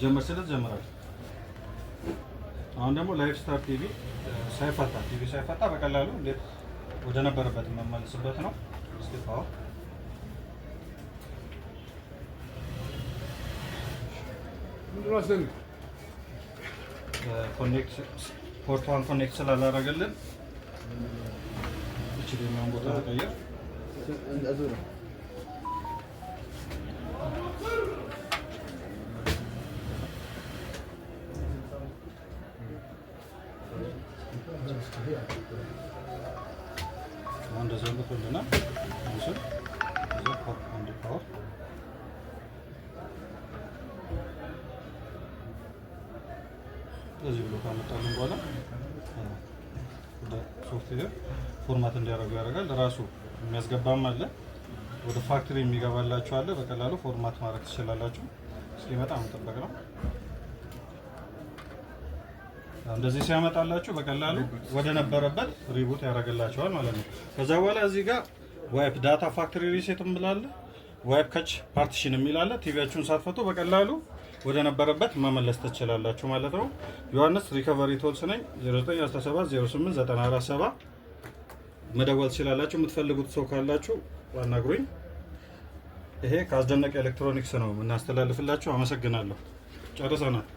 ጀመር ስለ ጀመራል። አሁን ደግሞ ላይፍ ስታር ቲቪ ሳይፈታ ቲቪ ሳይፈታ በቀላሉ እንዴት ወደ ነበረበት የመመለስበት ነው። ስቴፋው ምንድን ነው አስደንግ ኮኔክሽን ፖርት ዋን ኮኔክት ስላላረገልን እችኛውን ቦታ መቀየር አሁን እንደዛ ልኮልናል ምስል እዚህ ብሎ ካመጣልን በኋላ ወደ ሶፍትዌር ፎርማት እንዲያደርጉ ያደርጋል። ራሱ የሚያስገባም አለ፣ ወደ ፋክትሪ የሚገባላችሁ አለ። በቀላሉ ፎርማት ማድረግ ትችላላችሁ። እስኪመጣ መጠበቅ ነው። እንደዚህ ሲያመጣላችሁ በቀላሉ ወደ ነበረበት ሪቡት ያደርግላችኋል ማለት ነው። ከዛ በኋላ እዚህ ጋር ዋይፕ ዳታ ፋክትሪ ሪሴት እንብላለን። ዋይፕ ከች ፓርቲሽን የሚላለ ቲቪያችሁን ሳትፈቱ በቀላሉ ወደ ነበረበት መመለስ ትችላላችሁ ማለት ነው። ዮሐንስ ሪከቨሪ ቶልስ ነኝ 0917089470 መደወል ትችላላችሁ። የምትፈልጉት ሰው ካላችሁ አናግሩኝ። ይሄ ከአስደነቅ ኤሌክትሮኒክስ ነው የምናስተላልፍላችሁ። አመሰግናለሁ። ጨርሰናል።